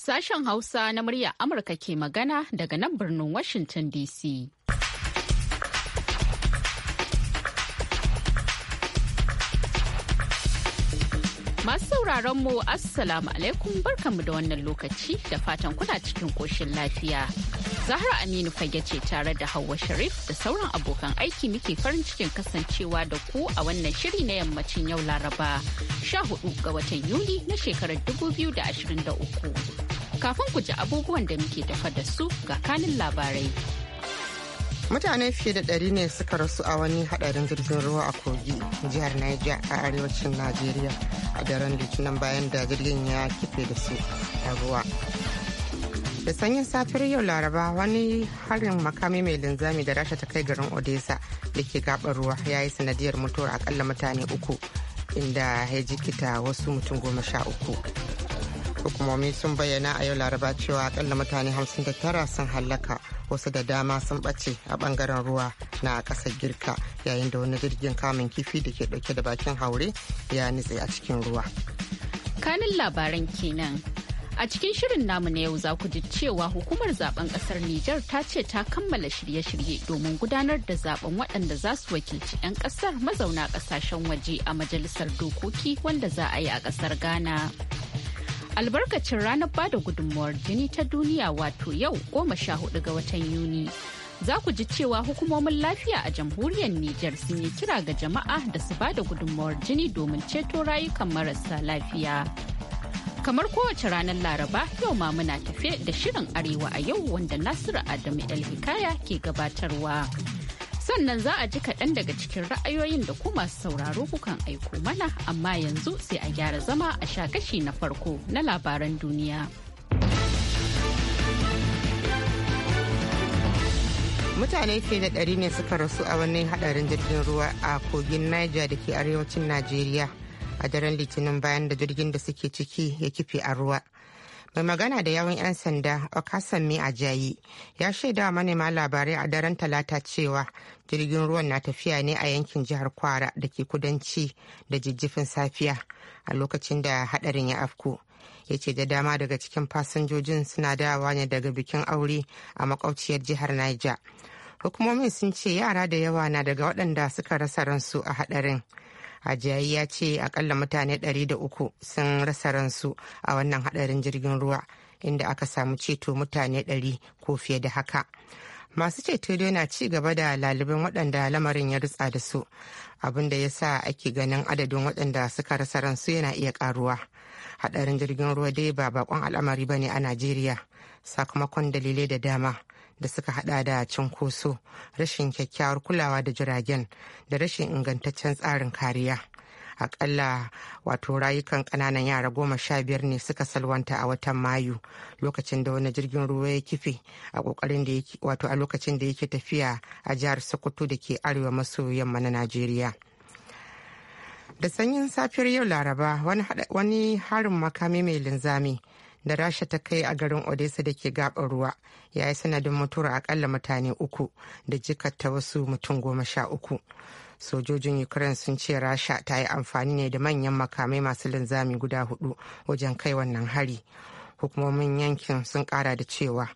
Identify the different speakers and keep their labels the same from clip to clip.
Speaker 1: Sashen Hausa na murya Amurka ke magana daga nan birnin Washington DC. Masu sauraron mu Assalamu alaikum barkanmu da wannan lokaci da fatan kuna cikin koshin lafiya. Zahra Aminu fage ce tare da Hauwa Sharif da sauran abokan aiki muke farin cikin kasancewa da ku a wannan shiri na yammacin yau Laraba 14 ga watan Yuli na shekarar 2023. Kafin ku ji
Speaker 2: abubuwan da muke tafa da su ga kanin labarai. Mutane fiye da ɗari ne suka rasu a wani haɗarin jirgin ruwa a Kogi, jihar Niger a arewacin Najeriya a daren Litinin bayan da jirgin ya kife da su a ruwa. da sanyin safiyar yau laraba wani harin makami mai linzami da rasha ta kai garin odessa da ke gabar ruwa ya yi sanadiyar mutuwar akalla mutane uku inda ya jikita wasu mutum goma sha uku hukumomi sun bayyana a yau laraba cewa akalla mutane tara sun hallaka wasu da dama sun ɓace a ɓangaren ruwa na ƙasar girka yayin da wani jirgin kamun kifi da ke ɗauke da bakin haure ya nitse a cikin ruwa
Speaker 1: kanin labaran kenan A cikin shirin namu na yau za ku ji cewa hukumar zaben kasar Nijar ta ce ta kammala shirye-shirye domin gudanar da zaben waɗanda za su wakilci 'yan ƙasar mazauna ƙasashen waje a majalisar dokoki wanda za a yi a ƙasar Ghana. Albarkacin ranar bada gudunmuwar jini ta duniya wato yau goma sha hudu ga watan Yuni. za ku ji cewa hukumomin lafiya a jamhuriyar Nijar sun yi kira ga jama'a da su bada gudunmawar jini domin ceto rayukan marasa lafiya. Kamar kowace ranar Laraba yau ma muna tafe da shirin Arewa a yau wanda Nasiru Adamu El-Hikaya ke gabatarwa. Sannan za a ji kaɗan daga cikin ra'ayoyin da kuma sauraro kukan aiko mana amma yanzu sai a gyara zama a sha kashi na farko na labaran duniya.
Speaker 2: mutane ke da ɗari ne suka rasu a wani haɗarin jirgin ruwa a kogin niger da ke arewacin najeriya a daren litinin bayan da jirgin da suke ciki ya kife a ruwa mai magana da yawon 'yan sanda okasanmi ajayi ya shaida manema labarai a daren talata cewa jirgin ruwan na tafiya ne a yankin jihar kwara da ke kudanci da jijjifin safiya a lokacin da hadarin ya afku ya ce da dama daga cikin fasinjojin suna dawa ne daga bikin aure a makwabciyar jihar niger hukumomin sun ce yara da yawa na daga waɗanda suka rasa ransu a hadarin ajayi ya ce akalla mutane uku sun rasa ransu a wannan hadarin jirgin ruwa inda aka samu ceto mutane 100 ko fiye da haka masu ceto dai na ci gaba da laliban waɗanda lamarin ya rutsa da su abin da ya sa ake ganin adadin waɗanda suka rasa ransu yana iya karuwa hadarin jirgin ruwa dai ba bakon al'amari ba ne a najeriya sakamakon dalilai da dama da suka hada da cunkoso rashin kyakkyawar kulawa da jiragen da rashin ingantaccen tsarin kariya akalla wato rayukan kananan yara goma sha biyar ne suka salwanta a watan mayu lokacin da wani jirgin ruwa ya kife a kokarin da wato a lokacin da yake tafiya a jihar sokoto da ke arewa maso yamma na najeriya da sanyin safiyar yau laraba wani harin makami mai linzami da rasha ta kai a garin odessa da ke gabar ruwa ya yi sanadin mutuwar akalla mutane uku da jikata wasu mutum goma sha uku sojojin ukraine sun ce rasha ta yi amfani ne da manyan makamai masu linzami guda hudu wajen kai wannan hari hukumomin yankin sun kara da cewa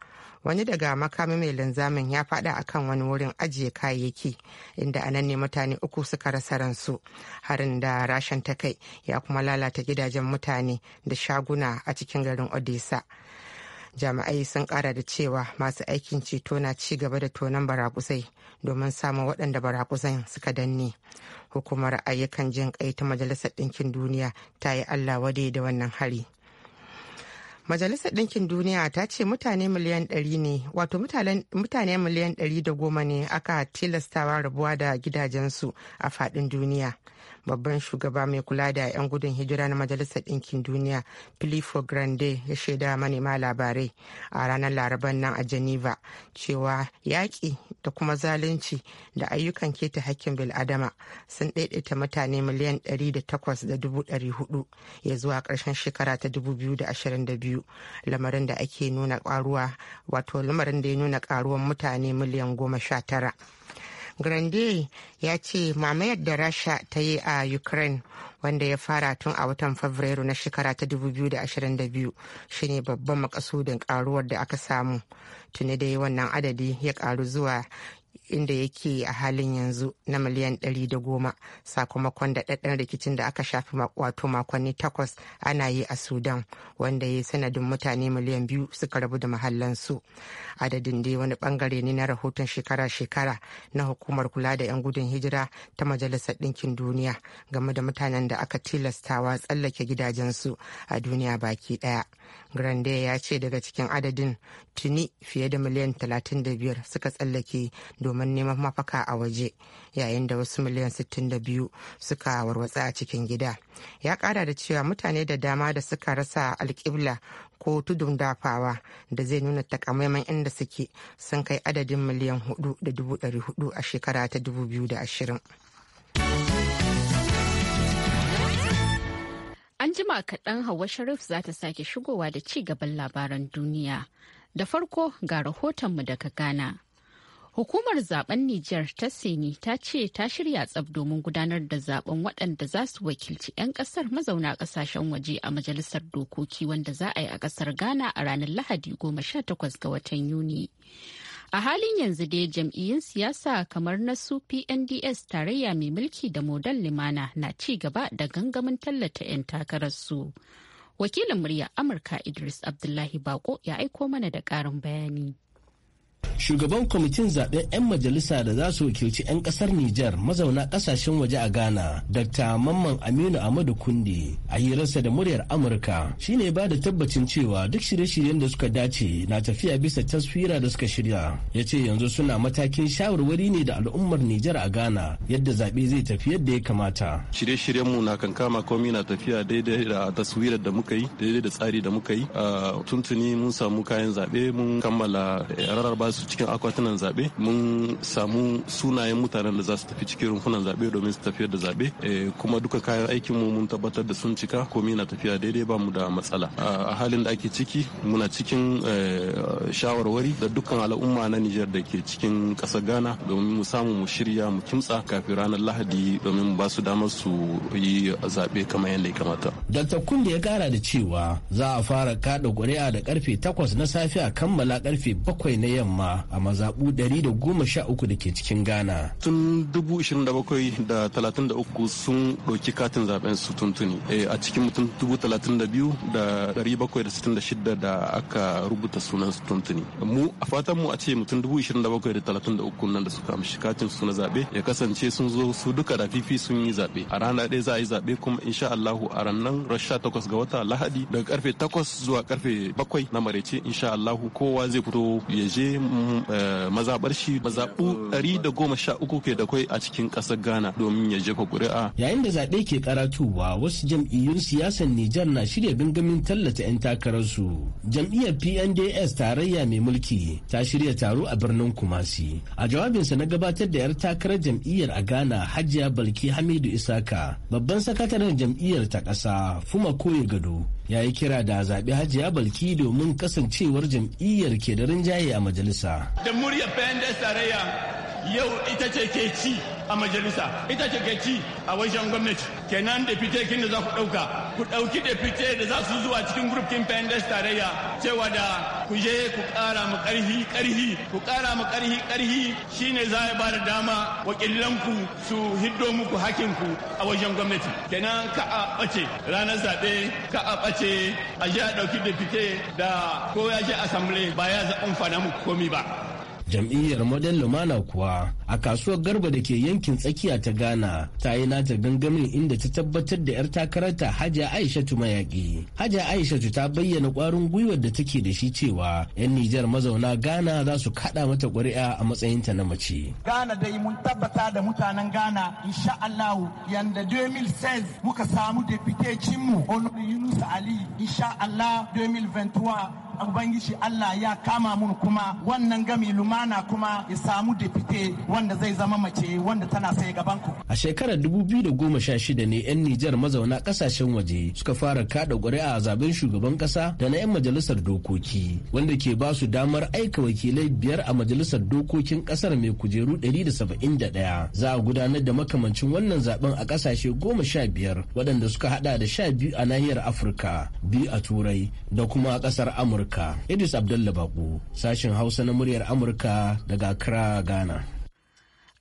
Speaker 2: wani daga makami mai linzamin ya fada kan wani wurin ajiye kayayyaki inda a nan ne mutane uku suka rasa ransu harin da rashin ta kai ya kuma lalata gidajen mutane da shaguna a cikin garin odisa jami'ai sun kara da cewa masu aikin ceto na ci gaba da tonon barakusai domin samun waɗanda barakusan suka danne hukumar ayyukan jin kai ta majalisar ɗinkin duniya ta yi allah wade da wannan hari Majalisar Ɗinkin Duniya ta ce mutane miliyan ɗari ne, wato mutane miliyan ɗari da goma ne aka tilastawa rabuwa da gidajensu a faɗin duniya. babban shugaba mai kula da 'yan gudun hijira na majalisar ɗinkin duniya filifo grande ya shaida manema labarai a ranar laraban nan a geneva cewa yaƙi da kuma zalunci da ayyukan keta hakkin bil'adama sun ɗaiɗaita mutane miliyan 800,400 ya zuwa ƙarshen shekara ta 2022 lamarin da ake nuna ƙaruwa wato lamarin da ya nuna ƙaruwan mutane miliyan 19 grande ya ce mamayar da rasha ta yi a ukraine wanda ya fara tun a watan fabrairu na shekara ta 2022 shine babban makasudin karuwar da aka samu tuni dai wannan adadi ya karu zuwa inda yake a halin yanzu na miliyan ɗari da goma sakamakon daɗaɗɗen rikicin da aka shafi wato makonni takwas ana yi a sudan wanda ya yi sanadin mutane miliyan biyu suka rabu da mahallansu adadin dai wani ɓangare ne na rahoton shekara-shekara na hukumar kula da 'yan gudun hijira ta majalisar ɗinkin duniya game da mutanen da aka tilastawa tsallake gidajensu a duniya baki ɗaya grande ya ce daga cikin adadin tuni fiye da miliyan 35 suka tsallake domin neman mafaka a waje yayin da wasu miliyan 62 suka warwatsa a cikin gida ya kara da cewa mutane da dama da suka rasa alkibla ko tudun dafawa da zai nuna takamaiman inda suke sun kai adadin miliyan 4,400 a shekara ta 2020
Speaker 1: An jima kaɗan Hauwa Sharif za ta sake shigowa da ci gaban labaran duniya. Da farko ga rahotonmu daga Ghana. Hukumar zaben Nijar ta sini ta ce ta shirya tsab domin gudanar da zaben waɗanda za su wakilci 'yan ƙasar mazauna ƙasashen waje a majalisar dokoki wanda za a yi a ƙasar Ghana a ranar Lahadi 18 ga watan Yuni. A halin yanzu dai jam'iyyun siyasa kamar na su PNDS tarayya mai mulki da Modan limana na ci gaba da gangamin tallata 'yan takararsu. Wakilin murya Amurka Idris Abdullahi Bako ya aiko mana da ƙarin bayani.
Speaker 3: shugaban kwamitin zaben 'yan majalisa da za su wakilci 'yan kasar Nijar mazauna kasashen waje a Ghana, Dr. Mamman Aminu Amadu Kundi a hirarsa da muryar Amurka shine ba da tabbacin cewa duk shirye-shiryen da suka dace na tafiya bisa taswira da suka shirya. Ya ce yanzu suna matakin shawarwari ne da al'ummar Nijar a Ghana yadda zaɓe zai tafi yadda ya kamata.
Speaker 4: Shirye-shiryen mu na kama komi na tafiya daidai da taswirar da muka yi, daidai da tsari da muka yi. Tuntuni mun samu kayan zaɓe mun kammala rarraba su cikin akwatunan zaɓe mun samu sunayen mutanen da za su tafi cikin rumfunan zaɓe domin su tafiyar da zaɓe eh, kuma duka kayan aikin mu mun tabbatar da sun cika komi na tafiya daidai ba mu da matsala a halin da ake ciki muna cikin eh, shawarwari da dukkan al'umma na Nijar da ke cikin kasa Ghana domin mu samu mu shirya mu kimtsa kafin ranar Lahadi domin ba su damar su yi zaɓe kamar yadda ya kamata.
Speaker 3: Dr. Kunde ya kara da cewa za a fara kaɗa ƙuri'a da karfe takwas na safiya a kammala karfe bakwai na yamma al'umma a mazaɓu 113 da ke cikin Ghana.
Speaker 4: Tun 27,033 da 33 sun ɗauki katin zaben su tuntuni. Eh, a cikin mutum 32,000 da 766 da aka rubuta sunan su tuntuni. Mu a fatan mu a ce mutum 27,033 da nan da suka amshi katin su na zaɓe ya kasance sun zo su duka da fifi sun yi zaɓe. A rana ɗaya za a yi zaɓe kuma insha Allahu a rasha takwas ga wata Lahadi daga karfe takwas zuwa karfe bakwai na maraice insha Allahu kowa zai fito ya je Eh, mazabar shi mazaɓu 113 ke da kwai a cikin ƙasar Ghana domin ya jefa ƙuri'a.
Speaker 3: Yayin da zaɓe ke karatuwa wasu jam'iyyun siyasar Nijar na shirya gangamin tallata 'yan takararsu. Jam'iyyar PNDS tarayya mai mulki ta shirya taro a birnin Kumasi. A jawabinsa na gabatar da 'yar takarar jam'iyyar a Ghana Hajiya Balki Hamidu Isaka babban sakataren jam'iyyar ta ƙasa Fuma Koye Gado ya yi kira da zaɓi hajiya balki domin kasancewar jam'iyyar ke da rinjaye a majalisa.
Speaker 4: Da muryar bayan da sarayya yau ita ce
Speaker 5: ke ci a majalisa ita ce ke ci a wajen gwamnati kenan da kin da za ku ɗauka ku ɗauki da da za su zuwa cikin group kin pendes tarayya cewa da ku je ku ƙara mu ƙarhi ƙarhi ku kara mu ƙarhi ƙarhi shine za ya ba da dama wakilanku su hiddo muku ku a wajen gwamnati kenan ka a ɓace ranar zaɓe ka a ɓace a je a ɗauki da da ko ya je assembly ba ya zaɓin fana muku komi ba
Speaker 3: Jam'iyyar Model Lumana kuwa a kasuwar Garba da ke yankin tsakiya ta Ghana ta yi nata gangamin inda ta tabbatar da 'yar takararta Hajiya Aishatu mayaƙi. Hajiya Aishatu ta bayyana ƙwarin gwiwar da take da shi cewa 'yan Nijar mazauna Ghana za su kaɗa mata ƙuri'a a matsayinta na mace. Ghana dai mun tabbata da mutanen Ghana insha Allah yanda 2016 muka samu deputecinmu onu Yunus Ali insha Allah 2021 ubangiji Allah ya kama mun kuma wannan gami lumana kuma ya samu dafite wanda zai zama mace wanda tana sai gaban ku a shekarar 2016 ne yan Nijar mazauna kasashen waje suka fara kada ƙuri'a a zaben shugaban kasa da na yan majalisar dokoki wanda ke ba su damar aika wakilai biyar a majalisar dokokin kasar mai kujeru 171 za a gudanar da makamancin wannan zaben a kasashe 15 waɗanda suka hada da 12 a nahiyar Afirka biyu a Turai da kuma kasar Amurka Amurka. Idris Bako, sashen Hausa na muryar Amurka daga Accra, Ghana.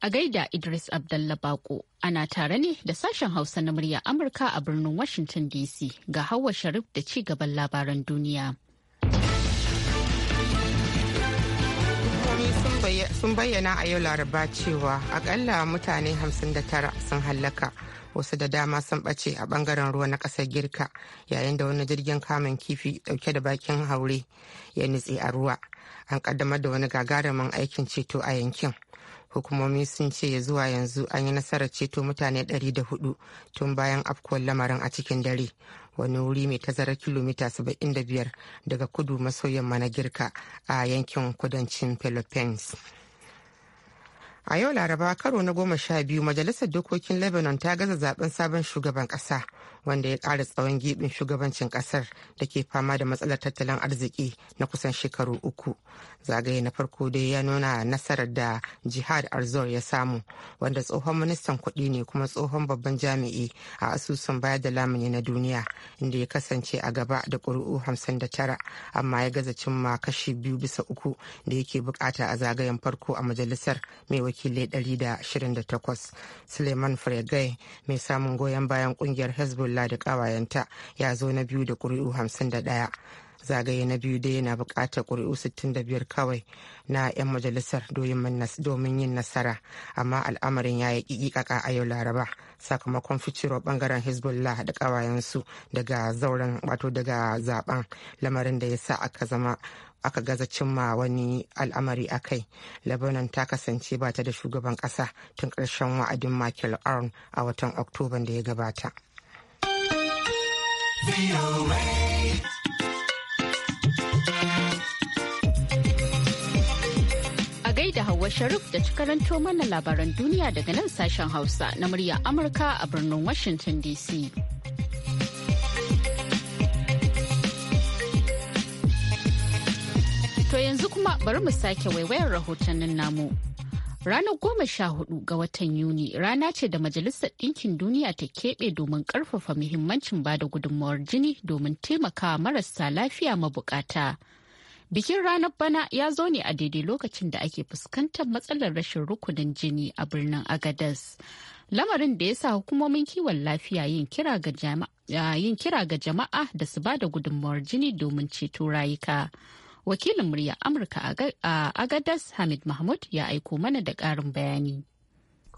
Speaker 1: A gaida Idris Abdullah Bako, ana tare ne da sashen Hausa na muryar Amurka a birnin Washington DC ga Hauwa Sharif da ci gaban labaran duniya.
Speaker 2: sun bayyana a yau laraba cewa akalla mutane 59 sun hallaka. wasu da dama sun ɓace a ɓangaren ruwa na ƙasar girka yayin da wani jirgin kamun kifi ɗauke da bakin haure ya nutse a ruwa an ƙaddamar da wani gagarumin aikin ceto a yankin hukumomi sun ce ya zuwa yanzu an yi nasarar ceto mutane 104 tun bayan afkuwar lamarin a cikin dare wani wuri mai tazarar kilomita 75 daga kudu maso yamma na girka a yankin kudancin philippines a yau laraba karo na goma sha biyu majalisar dokokin lebanon ta gaza zaben sabon shugaban kasa wanda ya kara tsawon gibin shugabancin kasar da ke fama da matsalar tattalin arziki na kusan shekaru uku zagaye na farko dai ya nuna nasarar da jihad arzor ya samu wanda tsohon ministan kuɗi ne kuma tsohon babban jami'i a asusun bayar da lamuni na duniya inda ya kasance a gaba da ƙuri'u 59 amma ya gaza cimma kashi biyu bisa uku da yake bukata a zagayen farko a majalisar mai wakilai 128 suleiman fregai mai samun goyon bayan kungiyar hezbollah da ƙawayenta ya zo na biyu da ƙuri'u 51 zagaye na biyu dai yana buƙatar ƙuri'u 65 kawai na 'yan majalisar domin yin nasara amma al'amarin ya yi ƙiƙaƙa a yau laraba sakamakon ficewar bangaren hezbollah da ƙawayensu daga zauren wato daga zaben lamarin da ya sa aka zama aka gaza cimma wani al'amari a kai lebanon ta kasance ba ta da shugaban ƙasa tun ƙarshen wa'adin michael arn a watan oktoban da ya gabata.
Speaker 1: da Hauwa Sharif da ci karanto mana labaran duniya daga nan sashen Hausa na murya Amurka a birnin Washington DC. To yanzu kuma bari mu sake waiwayar rahotannin namu. Ranar goma sha hudu ga watan Yuni rana ce da Majalisar Ɗinkin Duniya ta keɓe domin ƙarfafa muhimmancin bada gudunmawar jini domin taimakawa marasa lafiya mabukata. Bikin ranar bana ya zo ne a daidai lokacin da ake fuskantar matsalar rashin rukunin jini a birnin Agadas. Lamarin da ya sa hukumomin kiwon lafiya ah, yin kira ga jama'a da su ba da gudunmawar jini domin ceto rayuka. Wakilin murya Amurka a Agadas Hamid Mahmud ya aiko mana da ƙarin bayani.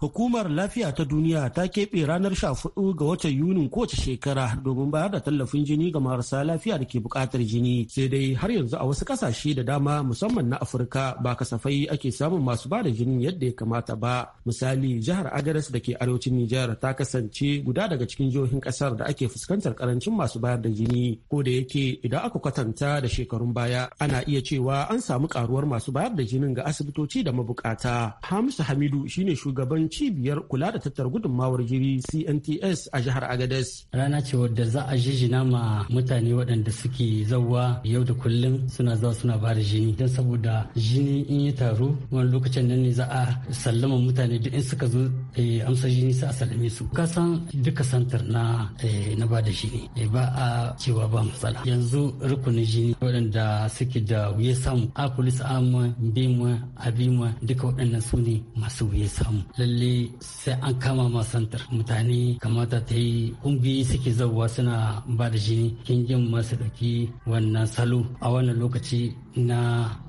Speaker 6: Hukumar Lafiya ta Duniya ta keɓe ranar sha 14 ga watan Yunin kowace shekara domin bayar da tallafin jini ga marasa lafiya da ke buƙatar jini. Sai dai har yanzu a wasu ƙasashe da dama musamman na Afirka ba kasafai ake samun masu bada da jinin yadda ya kamata ba. Misali jihar Agares da ke arewacin Nijar ta kasance guda daga cikin jihohin ƙasar da ake fuskantar ƙarancin masu bayar da jini. Ko da yake idan aka kwatanta da shekarun baya ana iya cewa an samu ƙaruwar masu bayar da jinin ga asibitoci da mabukata. Hamisu Hamidu shine shugaban cibiyar kula da tattar gudunmawar jiri CNTS a jihar Agadez. Rana ce wadda
Speaker 7: za a jijina ma mutane waɗanda suke zauwa yau da kullum suna zuwa suna ba da jini don saboda jini in yi taro wani lokacin nan ne za a sallama mutane duk in suka zo eh, amsa jini sai a sallame su. Ka san duka santar na eh, na ba da jini eh, ba a cewa ba matsala. Yanzu rukunin jini waɗanda suke da wuya samu a polis Amma, Bema, Abima duka waɗannan su ne masu wuya samu. Lalle lalle sai an kama masantar mutane kamata ta yi kungiyoyi suke zauwa suna
Speaker 6: ba da jini kin jin masu ɗauki wannan salo a wannan lokaci na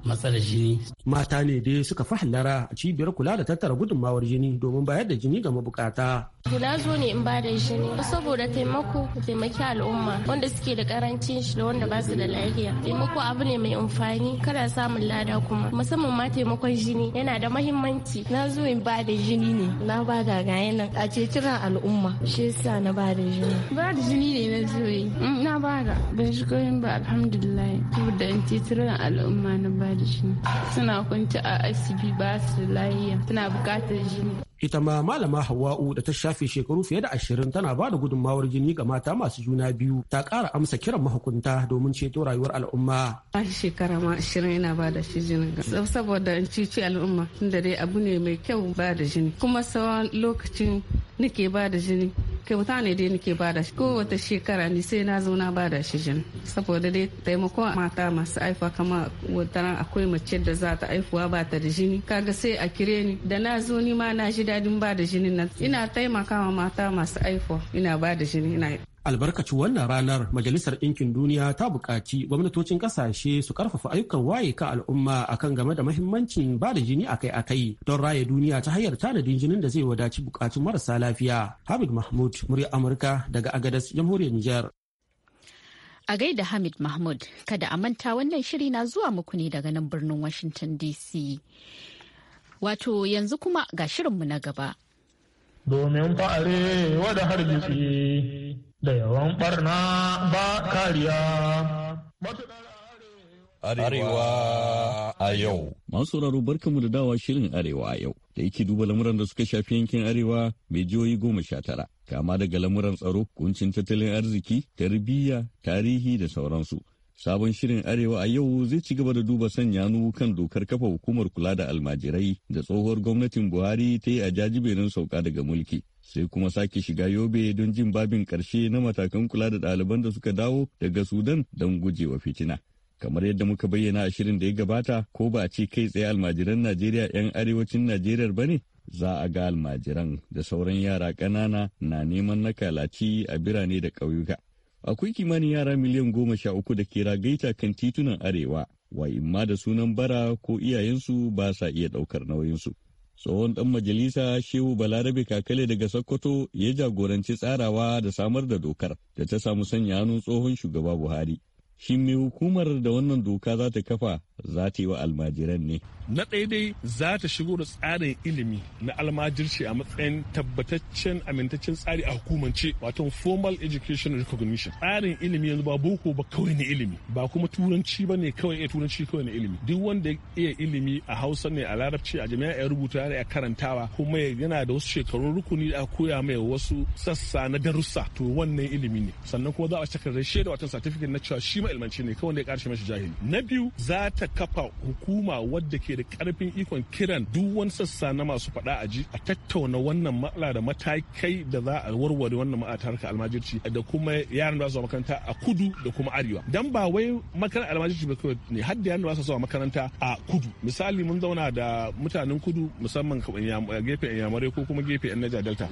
Speaker 6: matsalar jini. Mata ne dai suka fi hallara a cibiyar kula da tattara gudunmawar jini domin bayar da jini ga mabukata.
Speaker 8: Na zo ne in ba shi jini saboda taimako ku taimaki al'umma wanda suke da karancin shi da wanda ba su da lafiya. Taimako abu ne mai amfani Kada samun lada kuma musamman ma taimakon jini yana da mahimmanci. Na zo in ba da jini ne na bada ga nan a ceci ran al'umma shi yasa na bada jini. Ba da jini ne
Speaker 1: na zo yi mm, na bada ban shi ko ba alhamdulillah saboda in ceci ran al'umma na ba da jini. Suna kwanci a asibi ba su lafiya suna bukatar jini.
Speaker 6: ita ma malama hawa'u da ta shafe shekaru fiye da ashirin tana ba da gudunmawar jini ga mata masu juna biyu ta kara amsa kiran mahukunta domin ceto rayuwar al'umma
Speaker 7: a shekara ma ashirin yana ba da shi jinin saboda in ci al'umma tunda dai abu ne mai kyau ba da jini kuma sauran lokacin nake ba da jini kyauta ne dai nake bada shi kowace shekara ni sai na zo na bada shi jin saboda dai taimakon mata masu aifa kamar wataran akwai mace da za ta aifuwa ba ta da jini kaga sai a kire ni da na zo ni ma na ji dadin bada jini nan ina taimakawa mata masu aifuwa ina bada jini ina
Speaker 6: albarkaci wannan ranar majalisar ɗinkin duniya ta buƙaci gwamnatocin ƙasashe su ƙarfafa ayyukan waye kan al'umma akan game da mahimmancin ba da jini akai-akai don raya duniya ta hanyar tanadin jinin da zai wadaci buƙatun marasa lafiya hamid mahmud murya amurka daga agadas jamhuriyar niger
Speaker 1: a gaida hamid mahmud kada a manta wannan shiri na zuwa muku ne daga nan birnin washington dc wato yanzu kuma ga shirinmu na gaba
Speaker 6: domin fa'are wadda hargitsi da yawan barna ba kariya.
Speaker 5: Arewa a yau. Masu sauraro barkanmu da dawa shirin Arewa a yau da yake duba lamuran da suka shafi yankin Arewa mai jihohi goma sha tara. Kama daga lamuran tsaro, kuncin tattalin arziki, tarbiyya, tarihi da sauransu. Sabon shirin Arewa a yau zai ci gaba da duba sanya sanyanu kan dokar kafa hukumar kula da almajirai da tsohuwar gwamnatin Buhari ta yi a jajiberin sauka daga mulki. Sai kuma sake shiga yobe don jin babin ƙarshe na matakan kula da ɗaliban da suka dawo daga Sudan don gujewa fitina. kamar yadda muka bayyana a shirin da ya gabata ko ba a ce kai tsaye almajiran najeriya 'yan arewacin najeriya ba ne za a ga almajiran da sauran yara ƙanana na neman nakalaci a birane da ƙauyuka akwai kimanin yara miliyan goma sha uku da ke ragaita kan titunan arewa wa imma da sunan bara ko iyayensu ba sa iya ɗaukar nauyinsu. tsohon ɗan majalisa shehu balarabe kakale daga sokoto ya jagoranci tsarawa da samar da dokar da ta samu sanya hannun tsohon shugaba buhari Shin mai hukumar da wannan doka za ta kafa za ta yi wa almajiran ne na
Speaker 9: ɗaya za ta shigo da tsarin ilimi na almajirci a matsayin tabbataccen amintaccen tsari a hukumance wato formal education recognition tsarin ilimi yanzu ba boko ba kawai na ilimi ba kuma turanci ba ne kawai iya eh, turanci kawai ne ilimi duk wanda iya ilimi a hausa ne a larabci a jami'a ya rubuta a karantawa kuma yana da wasu shekarun rukuni a koya mai wasu sassa na darussa to wannan ilimi ne sannan kuma za a cika da shaida wato certificate na cewa shi ma ilmanci ne kawai da ya karshe mashi jahili na biyu za ta kafa hukuma wadda ke da karfin ikon kiran duk wani sassa na masu faɗa a ji a tattauna wannan matsala da matakai da za a warware wannan ma'atarka almajirci da kuma yaran da su makaranta a kudu da kuma arewa dan ba wai makarantar almajirci ba kawai ne har da yaran da su makaranta a kudu misali mun zauna da mutanen kudu musamman gefen yamurai ko kuma gefen yan naja delta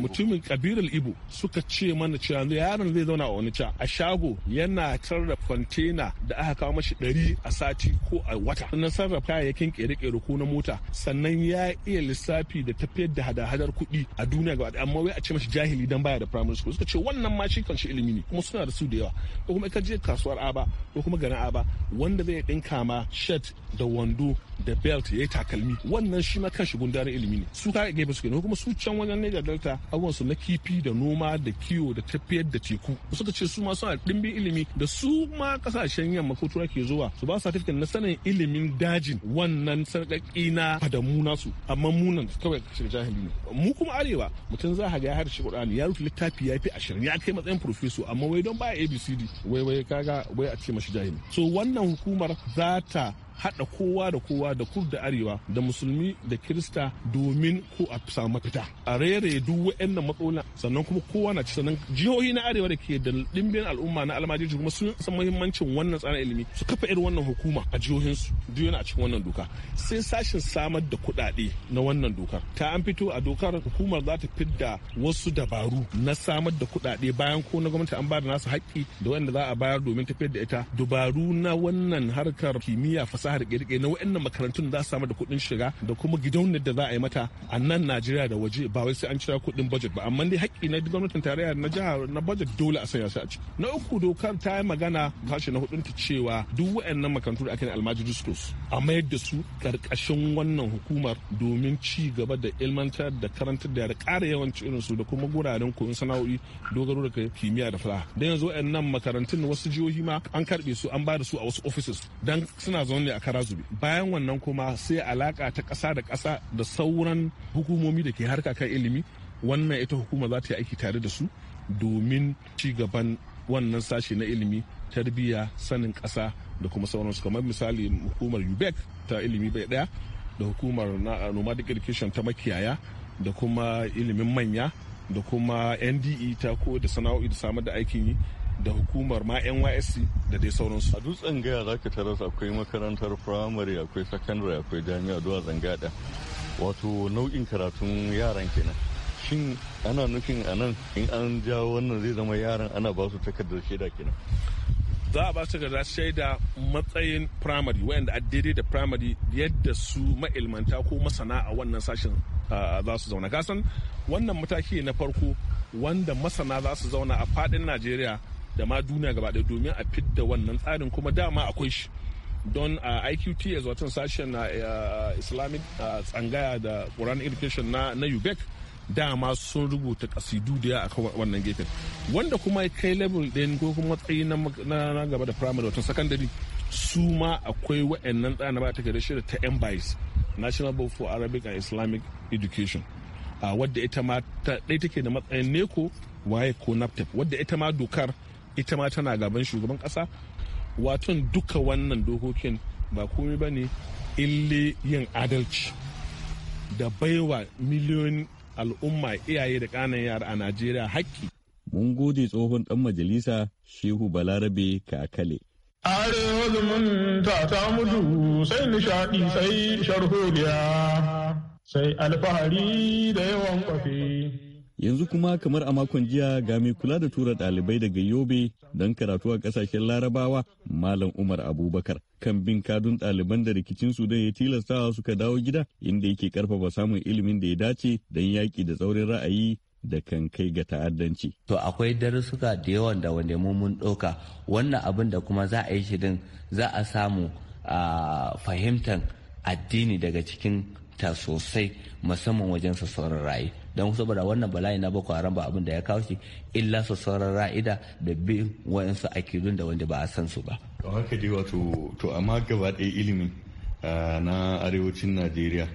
Speaker 9: mutumin kabilar ibo suka ce mana cewa yaron zai zauna a wani ca a shago yana tarar kwantena da aka kawo mashi ɗari a sati ko a wata na sarrafa kayayyakin kere-kere ko na mota sannan ya iya lissafi da tafiyar da hada-hadar kuɗi a duniya gaba amma wai a ce mashi jahili dan baya da primary school suka ce wannan ma shi kanshi ilimi ne kuma suna da su da yawa ko kuma ka je kasuwar aba ko kuma garin aba wanda zai dinka ma shirt da wando da belt ya yi takalmi wannan shi ma shi gundarin ilimi ne su ga gefe suke kuma su can wajen Niger Delta abubuwan su na kifi da noma da kiwo da tafiyar da teku suka ce su ma suna da dimbin ilimi da su ma kasashen yamma ko turai ke zuwa su ba certificate na na sanin ilimin dajin wannan sarƙaƙi na fadamu nasu amma munan kawai shiga jahili ne mu kuma arewa mutum za ka ga ya harshe qur'ani ya rufe littafi ya fi ashirin ya kai matsayin profeso amma wai don ba abcd wai wai kaga wai a ce mashi jahili so wannan hukumar za ta haɗa kowa da kowa da kur da arewa da musulmi da kirista domin ko a samu mafita a rere duk wa'annan matsalolin sannan kuma kowa na ci sannan jihohi na arewa da ke da ɗimbin al'umma na almajirci kuma sun san muhimmancin wannan tsarin ilimi su kafa irin wannan hukuma a jihohinsu duk yana cikin wannan doka sai sashin samar da kuɗaɗe na wannan dokar ta an fito a dokar hukumar za ta fidda wasu dabaru na samar da kuɗaɗe bayan ko na gwamnati an ba da nasu haƙƙi da wanda za a bayar domin tafiyar da ita dabaru na wannan harkar kimiyya fasa fasahar kirkire na wa'annan makarantun za su samu da kuɗin shiga da kuma gidauniyar da za a yi mata a nan Najeriya da waje ba wai sai an cira kuɗin budget ba amma dai haƙƙi na gwamnatin tarayya na jiha na budget dole a sanya su a ciki. Na uku dokar ta yi magana kashi na hudunta cewa duk wa'annan makarantu da ake na almajiri schools a mayar da su karkashin wannan hukumar domin ci gaba da ilmantar da karantar da yara ƙara yawanci irin su da kuma guraren koyon sana'o'i dogaro da kimiyya da fara. Da yanzu wa'annan makarantun wasu jihohi ma an karɓe su an ba da su a wasu offices dan suna zaune a kara zube bayan wannan kuma sai alaka ta ƙasa da ƙasa da sauran hukumomi da ke harka kan ilimi wannan ita hukuma za ta yi aiki tare da su domin ci gaban wannan sashe na ilimi tarbiyya sanin ƙasa da kuma sauransu kamar misali hukumar ubec ta ilimi bai daya da hukumar nomadic education ta makiyaya da kuma ilimin manya da kuma nde ta ko da sana'o'i da samar da aikin yi
Speaker 5: da hukumar ma nysc da dai sauransu a dutsen gaya za ka taras akwai makarantar firamare akwai sakandare akwai jami'a duwa zangada wato nau'in karatun yaran kenan shin ana nufin a nan in an jawo wannan zai zama yaran ana ba su takardar shaida kenan
Speaker 9: za a ba su takardar shaida matsayin firamare wayanda a daidai da firamare yadda su ma'ilmanta ko masana a wannan sashen za su zauna kasan wannan mataki na farko wanda masana za su zauna a fadin najeriya da ma duniya gaba ɗaya domin a fidda wannan tsarin kuma dama akwai shi don a iqts watan sashen na islamic tsangaya da quran education na ubec dama sun rubuta kasidu da ya aka wannan gefen wanda kuma ya kai level ɗin ko kuma matsayi na gaba da primary watan secondary su ma akwai wa'annan tsana ba ta da shirya ta embais national board for arabic and islamic education wadda ita ma ta ɗaya take da matsayin neko waye ko naptep wadda ita ma dokar ita ma tana gaban shugaban kasa waton duka wannan dokokin ba komai ba ne ille yin adalci da baiwa miliyoyin al'umma iyaye da ƙanan yara a najeriya haƙƙi.
Speaker 5: mun gode tsohon ɗan majalisa shehu balarabe kakale
Speaker 9: are zumunta ta mutu
Speaker 5: sai nishaɗi sai sharholiya sai alfahari da yawan kwafi. yanzu kuma kamar a makon jiya ga mai kula da tura dalibai daga yobe don karatu a kasashen larabawa malam umar abubakar kan bin kadun daliban da rikicin su don ya tilastawa suka dawo gida inda yake karfafa samun ilimin da ya dace don yaƙi da tsaurin ra'ayi da kan kai ga ta'addanci. To akwai darussuka da yawan da wanda
Speaker 7: mu mun ɗauka wannan abin da kuma za a yi shi din za a samu a fahimtar addini daga cikin ta sosai musamman wajen sassauran ra'ayi. don saboda wannan bala'i na boko haram ba abin da ya kawo shi illa su sauran ra'ida da bin wayansu akidun da wanda ba a san su ba
Speaker 5: to haka dai wato to amma gaba ɗaya ilimi na arewacin najeriya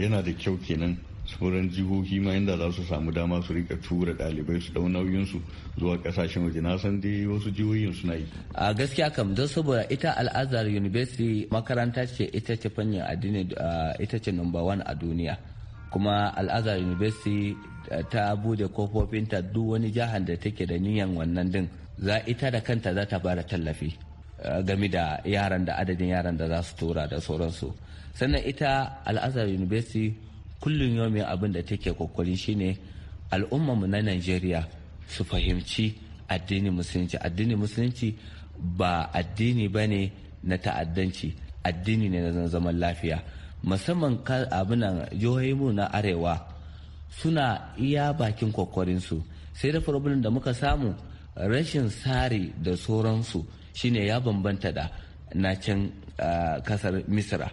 Speaker 5: yana da kyau kenan sauran jihohi ma inda za su samu dama su rika tura ɗalibai su dau su zuwa ƙasashen waje na san dai wasu jihohin suna yi a gaskiya kam don saboda ita al'azar university
Speaker 7: makaranta ce ita ce fannin addini ita ce number one a duniya kuma al'azhar university eh, ta bude kofofinta duk wani jihar da take da niyan wannan din za ita da kanta za ta bada tallafi eh, game da yaran da adadin yaran da za su tura da sauransu sannan ita al'azhar university kullum yomi abin da take kokari shine al'ummarmu na nigeria su fahimci addinin musulunci addinin musulunci ba addini ba ne na ta'addanci addini ne na zaman lafiya musamman abinan da mu na arewa suna iya bakin kwakwarinsu sai da problem da muka samu rashin sari da sauransu shine ya bambanta da na can kasar misra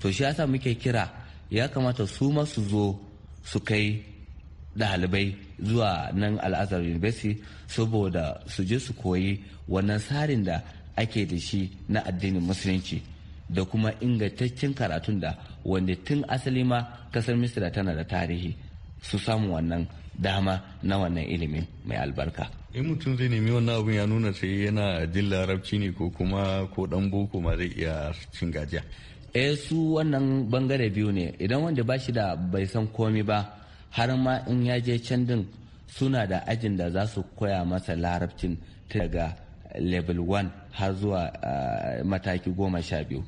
Speaker 7: to shi yasa muke kira ya kamata su masu zo su kai dalibai zuwa nan al'azhar university saboda su je su koyi wannan tsarin da ake da shi na addinin musulunci da kuma ingantaccen karatun da wanda tun asali ma kasar misira tana da tarihi su samu wannan dama na wannan ilimin mai albarka
Speaker 5: in mutum zai nemi wannan abin ya nuna sai yana jin larabci ne ko kuma ko dan boko ma zai iya cin gajiya eh su wannan bangare biyu ne idan wanda ba shi da bai san komi ba
Speaker 7: har ma in ya je can din suna da ajin da za su koya masa larabcin daga level 1 har zuwa ah, mataki goma sha biyu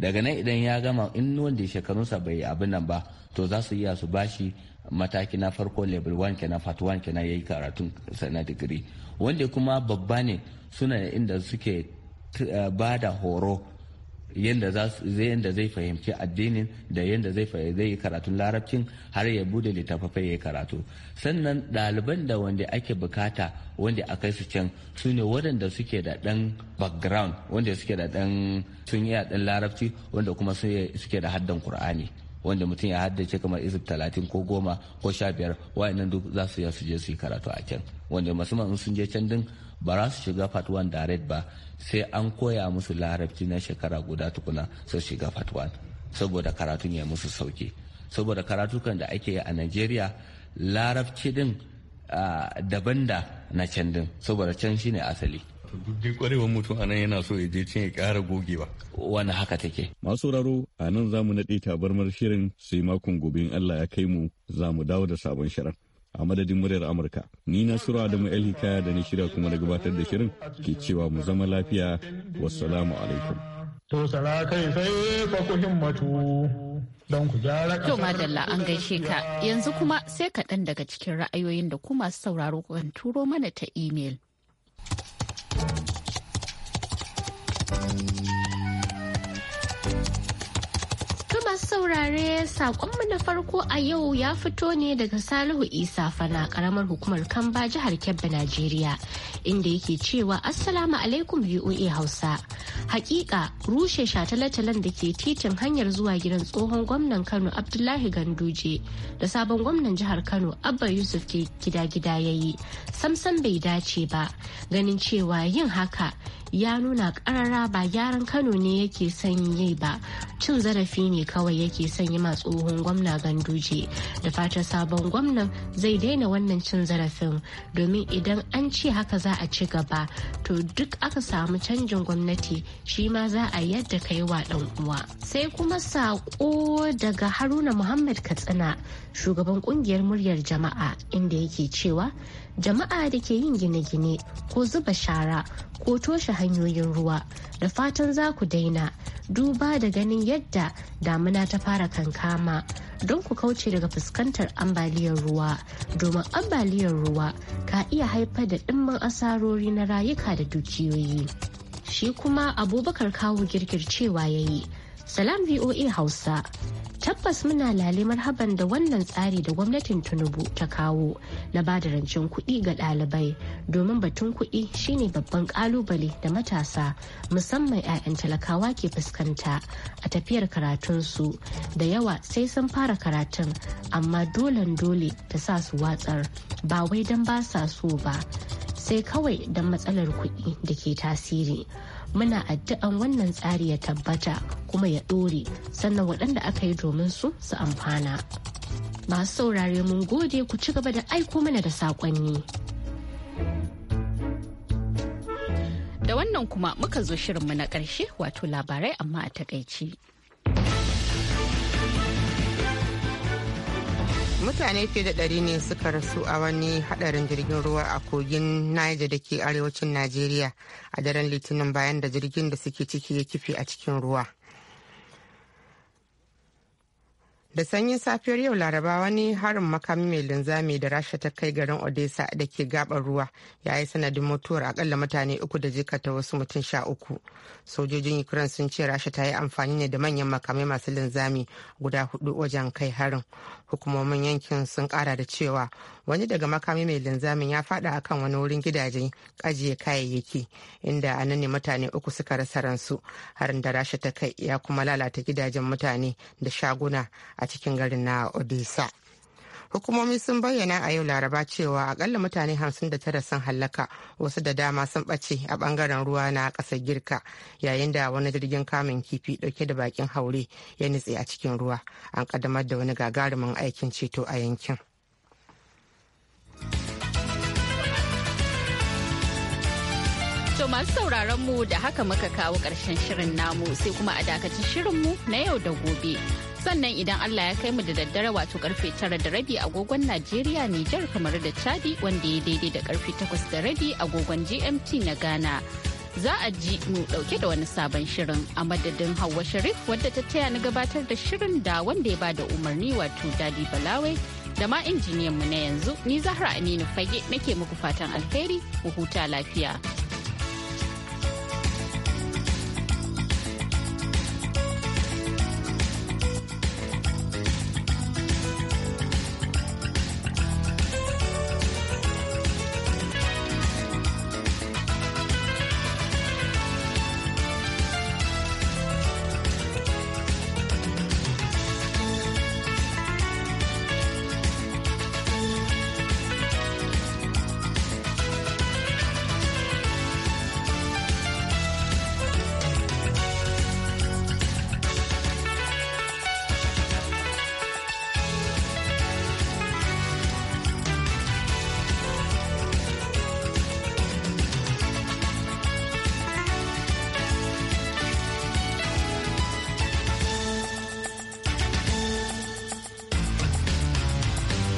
Speaker 7: daga nan idan ya gama in wanda shekarunsa bai abin nan ba to za su iya su bashi mataki na farko level 1 kenan part 1 kenan yayi karatun na digiri wanda kuma babba ne suna inda suke eh, ba da horo yadda zai fahimci addinin da yadda zai yi karatun larabcin har ya bude littafafai ya yi karatu sannan ɗaliban da wanda ake bukata wanda a kai su can su ne waɗanda suke da ɗan background wanda suke da ɗan sun yi ɗan larabci wanda kuma suke da haddan kur'ani wanda mutum ya haddace kamar izib talatin ko goma ko sha biyar wa'annan duk za su su je su yi karatu a can wanda musamman in sun je can din ba za su shiga part 1 direct ba sai an koya musu larabci na shekara guda tukuna su shiga part 1 saboda karatun ya musu sauki saboda kan da ake yi a Najeriya larabci din ah, daban da na can din saboda can
Speaker 5: shine asali duk dai kwarewar mutum anan yana so ya je cin ya ƙara gogewa wani haka take masu raro a nan za mu naɗe tabarmar shirin sai makon gobe in Allah ya kai mu za mu dawo da sabon shirin a madadin muryar amurka ni na sura da mu'el hikaya da ni shirya kuma da gabatar da shirin ke cewa mu zama lafiya wassalamu alaikum
Speaker 7: to sala
Speaker 9: sai fa ku himmatu don ku gyara To madalla an gaishe
Speaker 1: ka yanzu kuma sai kaɗan daga cikin ra'ayoyin da ku masu sauraro kan turo mana ta imel.
Speaker 8: masu saurare saƙonmu na farko a yau ya fito ne daga salihu isa fana karamar hukumar kamba jihar kebbi najeriya inda yake cewa assalamu alaikum voa hausa hakika rushe shatalatalan da ke titin hanyar zuwa gidan tsohon gwamnan kano abdullahi ganduje da sabon gwamnan jihar kano abba yusuf ke gida gida yayi yi samsam bai dace ba ganin cewa yin haka ya nuna karara ba gyaran kano ne yake son yi ba cin zarafi ne kawai yake son ma tsohon gwamna ganduje da fatan sabon gwamnan zai daina wannan cin zarafin domin idan an ce haka za a ci gaba to duk aka samu canjin gwamnati shi ma za a yadda kai wa uwa sai kuma sako daga haruna muhammad katsina shugaban kungiyar muryar jama'a inda yake cewa jama'a da ke yin gine-gine ko zuba shara ko toshe hanyoyin ruwa da fatan za ku daina duba da ganin yadda damuna ta fara kankama don ku kauce daga fuskantar ambaliyar ruwa domin ambaliyar ruwa ka iya haifar da dimman asarori na rayuka da dukiyoyi shi kuma abubakar kawo girgircewa cewa ya yi salam voa hausa tabbas muna lale marhaban da wannan tsari da gwamnatin tinubu ta kawo na ba da rancen kuɗi ga ɗalibai domin batun kuɗi shine babban ƙalubale da matasa musamman 'ya'yan talakawa ke fuskanta a tafiyar karatunsu da yawa sai sun fara karatun amma dolen dole ta sa su watsar ba wai don ba sa so ba sai kawai don matsalar kuɗi da ke tasiri muna addu'an wannan tsari ya tabbata kuma ya ɗore sannan waɗanda aka yi domin su su amfana masu saurare mun gode ku ci gaba da aiko mana da saƙonni
Speaker 1: da wannan kuma muka zo shirinmu na ƙarshe wato labarai amma a takaici.
Speaker 2: mutane fiye da ɗari ne suka rasu a wani haɗarin jirgin ruwa a kogin niger da ke arewacin najeriya a daren litinin bayan da jirgin da suke ciki ya kife a cikin ruwa da sanyin safiyar yau laraba wani harin makami mai linzami da rasha ta kai garin odessa da ke gabar ruwa ya yi sanadin mutuwar akalla mutane uku da jikata wasu mutum sha uku sojojin ukraine sun ce rasha ta yi amfani ne da manyan makamai masu linzami guda hudu wajen kai harin hukumomin yankin sun kara da cewa wani daga makami mai linzamin ya fada akan wani wurin gidajen ajiye kayayyaki inda a ne mutane uku suka rasa ransu harin da rasha ta kai ya kuma lalata gidajen mutane da shaguna a cikin garin na odessa hukumomi sun bayyana a yau laraba cewa akalla mutane 59 sun hallaka wasu da dama sun ɓace a ɓangaren ruwa na ƙasar girka yayin da wani jirgin kamun kifi ɗauke da bakin haure ya nutse a cikin ruwa an ƙaddamar da wani gagarumin aikin ceto a yankin
Speaker 1: To masu sauraron mu da haka muka kawo karshen shirin namu sai kuma a dakacin shirinmu na yau da gobe. Sannan idan Allah ya kai mu da daddare wato karfe tara da rabi agogon Najeriya Nijar kamar da Chadi wanda ya daidai da karfe takwas da rabi agogon GMT na Ghana. Za a ji mu dauke da wani sabon shirin a madadin Hauwa Sharif wadda ta taya ni gabatar da shirin da wanda ya ba da umarni wato Dadi Balawe da ma injiniyan mu na yanzu ni Zahra Aminu Fage nake muku fatan alheri ku huta lafiya.